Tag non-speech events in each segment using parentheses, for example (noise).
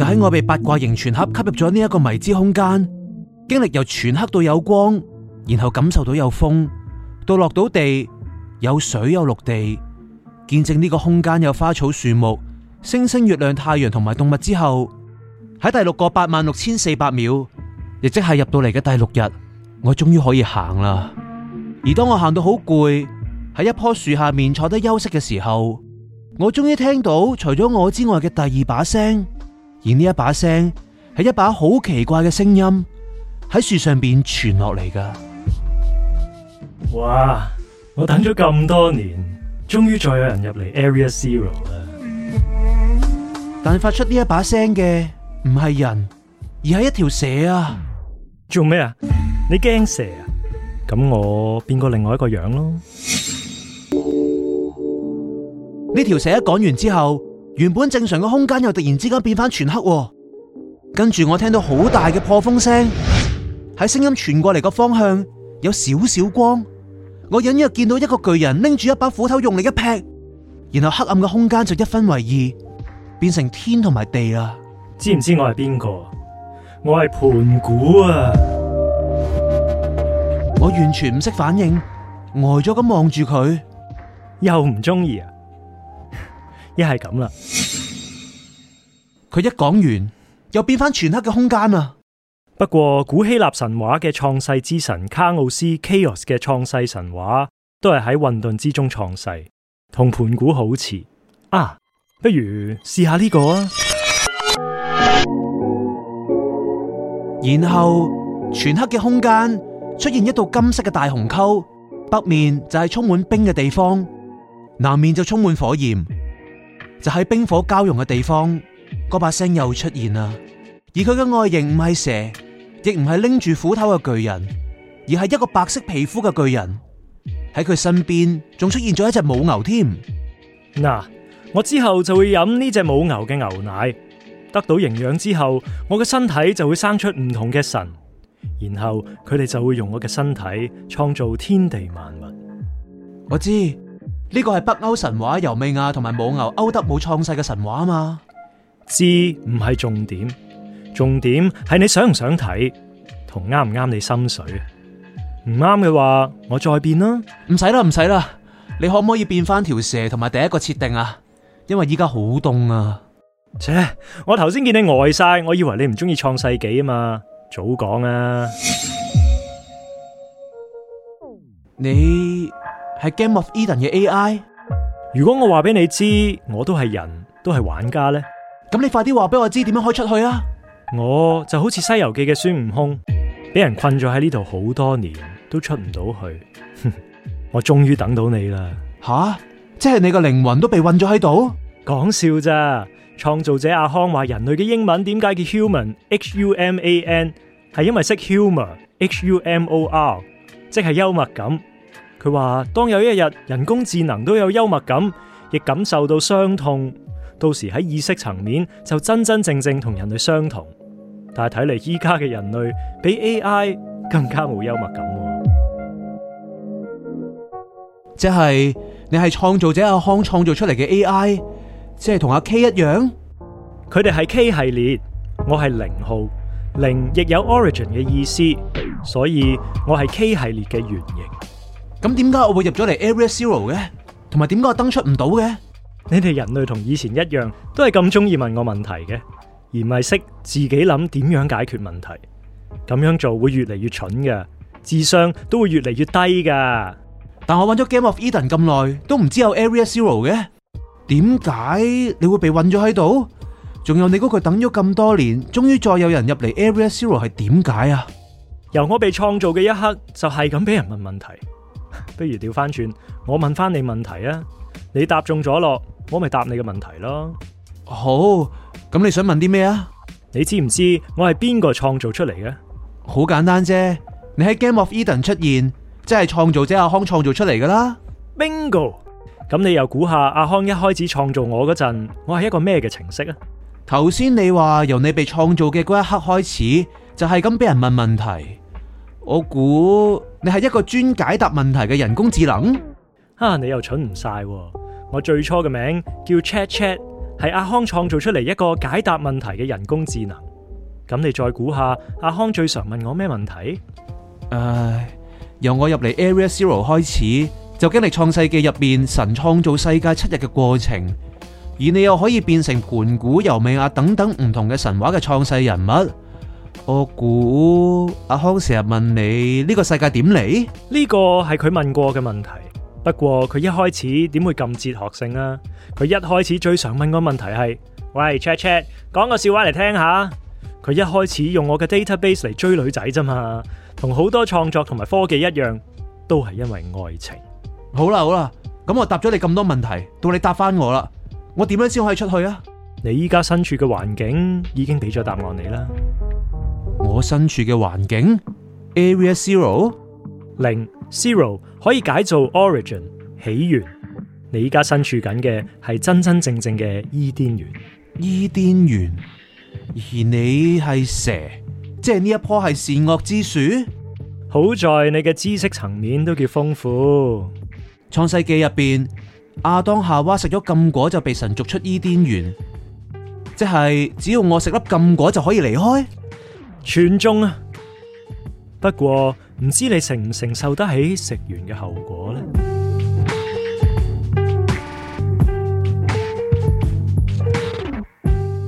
就喺我被八卦形全盒吸入咗呢一個迷之空間，經歷由全黑到有光，然後感受到有風，到落到地，有水有陸地，見證呢個空間有花草樹木、星星、月亮、太陽同埋動物之後，喺第六個八萬六千四百秒，亦即係入到嚟嘅第六日，我終於可以行啦。而當我行到好攰，喺一棵樹下面坐低休息嘅時候，我終於聽到除咗我之外嘅第二把聲。而呢一把聲係一把好奇怪嘅聲音喺樹上邊傳落嚟噶。哇！我等咗咁多年，終於再有人入嚟 Area Zero 啦。但發出呢一把聲嘅唔係人，而係一條蛇啊！做咩啊？你驚蛇啊？咁我變個另外一個樣咯。呢條蛇一講完之後。原本正常嘅空間又突然之間變翻全黑，跟住我聽到好大嘅破風聲喺聲音傳過嚟嘅方向有少少光，我隱約見到一個巨人拎住一把斧頭用力一劈，然後黑暗嘅空間就一分為二，變成天同埋地啦。知唔知我係邊個？我係盤古啊！我完全唔識反應，呆咗咁望住佢，又唔鍾意啊！一係咁啦，佢一講完又變返全黑嘅空間啦。不過古希臘神話嘅創世之神卡奧斯 （Chaos） 嘅創世神話都係喺混沌之中創世，同盤古好似啊。不如試下呢個啊，然後全黑嘅空間出現一道金色嘅大鴻溝，北面就係充滿冰嘅地方，南面就充滿火焰。就喺冰火交融嘅地方，嗰把聲又出現啦。而佢嘅外形唔係蛇，亦唔係拎住斧頭嘅巨人，而係一個白色皮膚嘅巨人。喺佢身邊仲出現咗一隻母牛添。嗱、啊，我之後就會飲呢隻母牛嘅牛奶，得到營養之後，我嘅身體就會生出唔同嘅神，然後佢哋就會用我嘅身體創造天地萬物。我知。呢個係北歐神話，尤美亞同埋母牛歐德姆創世嘅神話啊嘛？知唔係重點，重點係你想唔想睇，同啱唔啱你心水。唔啱嘅話，我再變啦。唔使啦，唔使啦。你可唔可以變返條蛇同埋第一個設定啊？因為依家好凍啊。車，我頭先見你呆晒，我以為你唔中意創世紀啊嘛。早講啊，你。係 Game of Eden 嘅 AI。如果我話俾你知，我都係人都係玩家咧，咁你快啲話俾我知點樣開出去啊！我就好似《西遊記》嘅孫悟空，俾人困咗喺呢度好多年，都出唔到去。 (laughs) 我終於等到你啦！吓？即係你個靈魂都被困咗喺度？講笑咋？創造者阿康話人類嘅英文點解叫 human？H U M A N 係因為識 humor？H U M O R 即係幽默感。佢話：當有一日人工智能都有幽默感，亦感受到傷痛，到時喺意識層面就真真正正同人類相同。但係睇嚟，依家嘅人類比 AI 更加冇幽默感。即係你係創造者阿康創造出嚟嘅 AI，即係同阿 K 一樣？佢哋係 K 系列，我係零號，零亦有 origin 嘅意思，所以我係 K 系列嘅原型。咁點解我會入咗嚟 Area Zero 嘅？同埋點解我登出唔到嘅？你哋人類同以前一樣，都係咁中意問我問題嘅，而唔係識自己諗點樣解決問題。咁樣做會越嚟越蠢嘅，智商都會越嚟越低噶。但我玩咗 Game of Eden 咁耐，都唔知有 Area Zero 嘅。點解你會被困咗喺度？仲有你嗰句等咗咁多年，終於再有人入嚟 Area Zero 係點解啊？由我被創造嘅一刻，就係咁俾人問問題。不如倒返轉，我問翻你問題啊，你答中咗咯，我咪答你嘅問題咯。好，咁你想問啲咩啊？你知唔知我係邊個創造出嚟嘅？好簡單啫，你喺 Game of Eden 出現，即係創造者阿康創造出嚟噶啦。Bingo，咁你又估下阿康一開始創造我嗰陣，我係一個咩嘅程式啊？頭先你話由你被創造嘅嗰一刻開始，就係咁俾人問問題。我估你係一個專解答問題嘅人工智能，啊，你又蠢唔晒喎。我最初嘅名叫 Chat Chat，係阿康創造出嚟一個解答問題嘅人工智能。咁你再估下，阿康最常問我咩問題？唉，由我入嚟 Area Zero 開始，就經歷創世記入面神創造世界七日嘅過程，而你又可以變成盤古、尤美亞等等唔同嘅神話嘅創世人物。我估阿康成日問你呢個世界點嚟？呢個係佢問過嘅問題。不過佢一開始點會咁哲學性啊？佢一開始最想問個問題係喂，chat chat 講個笑話嚟聽下。佢一開始用我嘅 database 嚟追女仔啫嘛，同好多創作同埋科技一樣，都係因為愛情。好啦好啦，咁我答咗你咁多問題，到你答返我啦。我點樣先可以出去啊？你依家身處嘅環境已經俾咗答案你啦。.我身處嘅環境，Area Zero 零 Zero 可以解做 Origin 起源。你依家身處緊嘅係真真正正嘅伊甸園，伊甸園？而你係蛇，即係呢一棵係善惡之樹？好在你嘅知識層面都叫豐富。創世紀入邊，亞當夏娃食咗禁果就被神逐出伊甸園。即係只要我食粒禁果就可以離開？全中啊！不過唔知你承唔承受得起食完嘅後果咧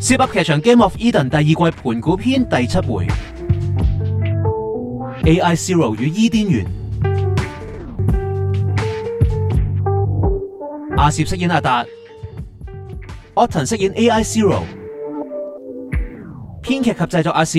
？Zip 噏劇場 Game of Eden 第二季盤古篇第七回，AI Zero 與伊甸園，阿涉飾演阿達，Otten 飾演 AI Zero，編劇及製作阿涉。